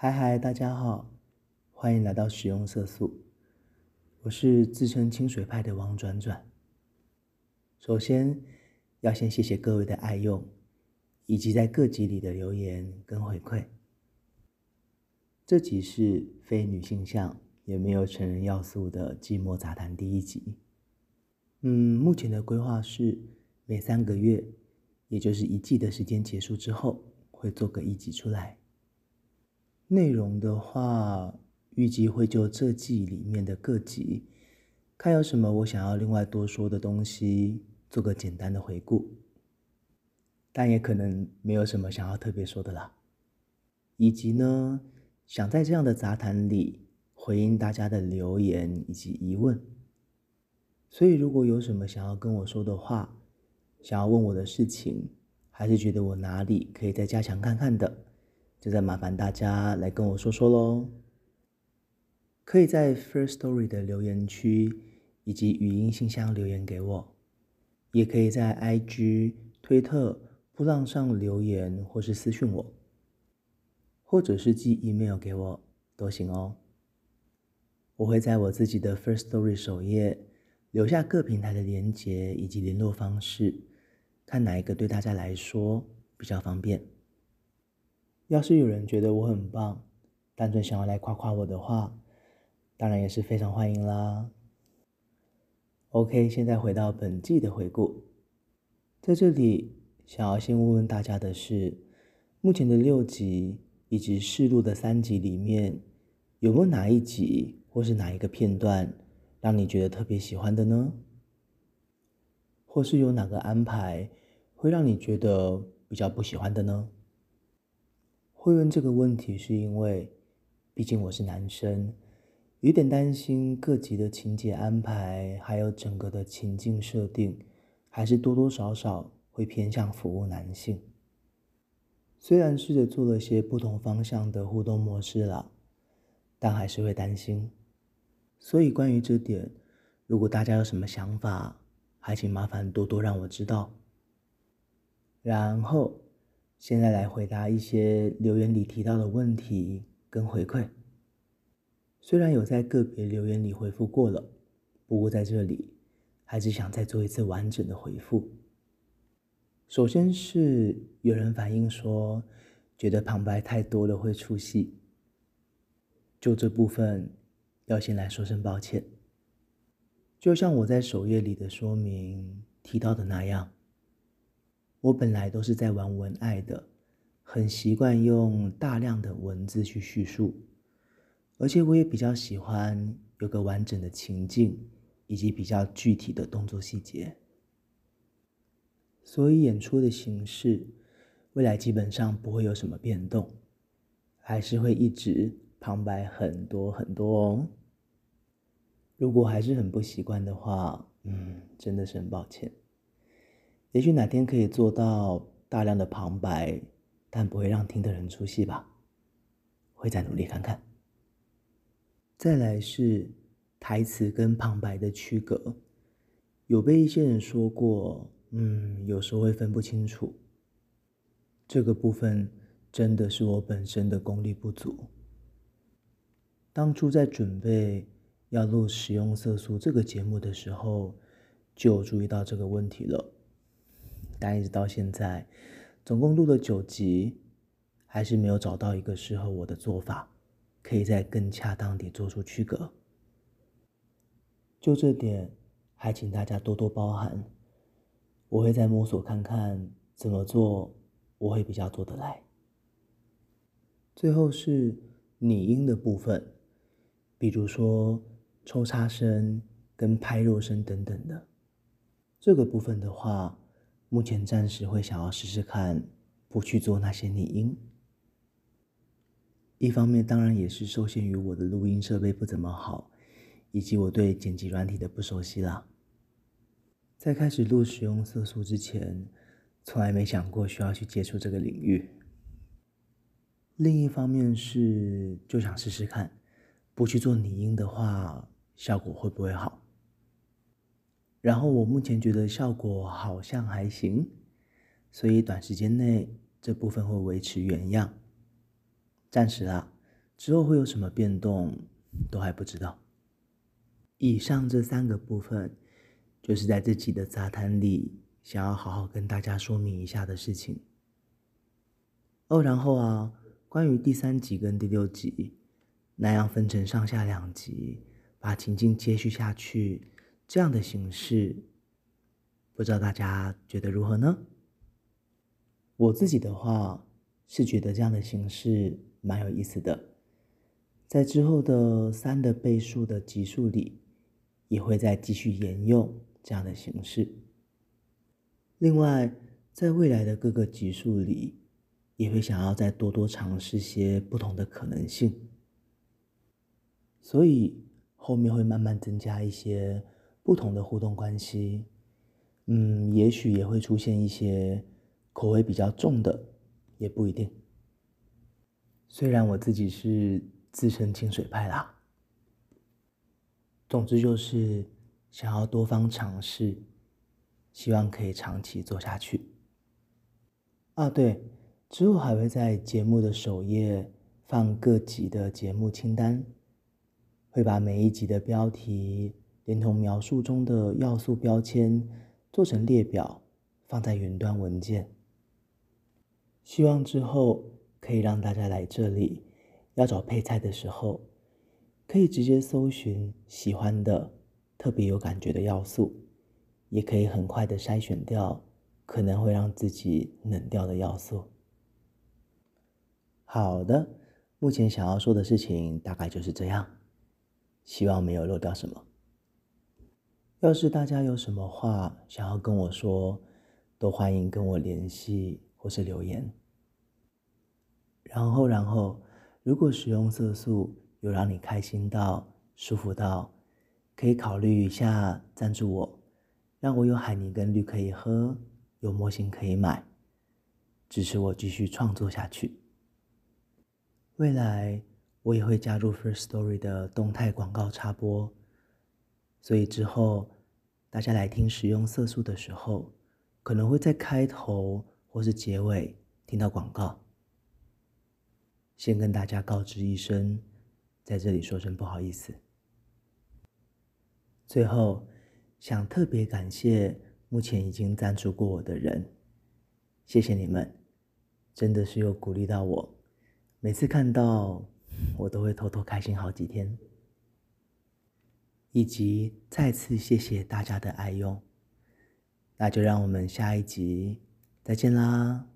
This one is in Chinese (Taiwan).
嗨嗨，大家好，歡迎來到使用色素。我是自稱清水派的王轉轉。首先要先謝謝各位的愛用，以及在各集裡的留言跟回饋。這集是非女性向，也沒有成人要素的《季末雜談》第一集。嗯，目前的規劃是每三個月，也就是一季的時間結束之後，會做個一集出來。內容的話，預計會就這季裡面的各集，看有什麼我想要另外多說的東西，做個簡單的回顧。但也可能沒有什麼想要特別說的啦。以及呢，想在這樣的雜談裡回應大家的留言以及疑問。所以如果有什麼想要跟我說的話，想要問我的事情，還是覺得我哪裡可以再加強看看的，就再麻煩大家來跟我說說嘍！可以在 First Story 的留言區以及語音信箱留言給我，也可以在 IG、推特、噗浪上留言，或是私訊我，或者是寄 email 給我都行哦。我會在我自己的 First Story 首頁留下各平台的連結以及聯絡方式，看哪一個對大家來說比較方便。要是有人覺得我很棒，單純想要來誇誇我的話，當然也是非常歡迎啦。OK，現在回到本季的回顧，在這裡想要先問問大家的是，目前的六集以及試錄的三集裡面，有沒有哪一集或是哪一個片段讓你覺得特別喜歡的呢？或是有哪個安排會讓你覺得比較不喜歡的呢？會問這個問題，是因為，畢竟我是男生，有點擔心各集的情節安排，還有整個的情境設定，還是多多少少會偏向服務男性。雖然試着做了些不同方向的互動模式了，但還是會擔心。所以關於這點，如果大家有什麼想法，還請麻煩多多讓我知道。然後。現在來回答一些留言裡提到的問題跟回饋。雖然有在個別留言裡回復過了，不過在這裡還是想再做一次完整的回復。首先是有人反映說，覺得旁白太多了會出戲。就這部分要先來說聲抱歉。就像我在首頁裡的說明提到的那樣。我本來都是在玩文愛的，很習慣用大量的文字去敘述，而且我也比較喜歡有個完整的情境，以及比較具體的動作細節，所以演出的形式未來基本上不會有什麼變動，還是會一直旁白很多很多哦。如果還是很不習慣的話，嗯，真的是很抱歉。也許哪天可以做到大量的旁白，但不會讓聽的人出戲吧？會再努力看看。再來是台詞跟旁白的區隔，有被一些人說過，嗯，有時候會分不清楚。這個部分真的是我本身的功力不足。當初在準備要錄《使用色素》這個節目的時候，就注意到這個問題了。但一直到現在，總共錄了九集，還是沒有找到一個適合我的做法，可以在更恰當地做出區隔。就這點，還請大家多多包涵。我會再摸索看看怎麼做，我會比較做得來。最後是擬音的部分，比如說抽插聲、跟拍肉聲等等的，這個部分的話。目前暫時會想要試試看，不去做那些擬音。一方面當然也是受限於我的錄音設備不怎麼好，以及我對剪輯軟體的不熟悉啦。在開始錄使用色素之前，從來沒想過需要去接觸這個領域。另一方面是就想試試看，不去做擬音的話，效果會不會好？然後我目前覺得效果好像還行，所以短時間內這部分會維持原樣，暫時啊，之後會有什麼變動，都還不知道。以上這三個部分，就是在這集的雜談裡，想要好好跟大家說明一下的事情。哦，然後啊，關於第三集跟第六集，那樣分成上下兩集，把情境接續下去。這樣的形式，不知道大家覺得如何呢？我自己的話是覺得這樣的形式蠻有意思的，在之後的三的倍數的集數裡，也會再繼續沿用這樣的形式。另外，在未來的各個集數裡，也會想要再多多嘗試些不同的可能性，所以後面會慢慢增加一些。不同的互動關係，嗯，也許也會出現一些口味比較重的，也不一定。雖然我自己是資深清水派啦，總之就是想要多方嘗試，希望可以長期做下去。啊，對，之後還會在節目的首頁放各集的節目清單，會把每一集的標題。連同描述中的要素標籤做成列表，放在雲端文件。希望之後可以讓大家來這裡，要找配菜的時候，可以直接搜尋喜歡的、特別有感覺的要素，也可以很快的篩選掉可能會讓自己冷掉的要素。好的，目前想要說的事情大概就是這樣，希望沒有漏掉什麼。要是大家有什麼話想要跟我說，都歡迎跟我聯繫或是留言。然後，然後，如果使用色素有讓你開心到、舒服到，可以考慮一下贊助我，讓我有海尼根綠可以喝，有模型可以買，支持我繼續創作下去。未來我也會加入 Firstory 的動態廣告插播。所以之後，大家來聽性色素的時候，可能會在開頭或是結尾聽到廣告。先跟大家告知一聲，在這裡說聲不好意思。最後，想特別感謝目前已經贊助過我的人，謝謝你們，真的是有鼓勵到我，每次看到，我都會偷偷開心好幾天。以及再次謝謝大家的愛用，那就讓我們下一集再見啦。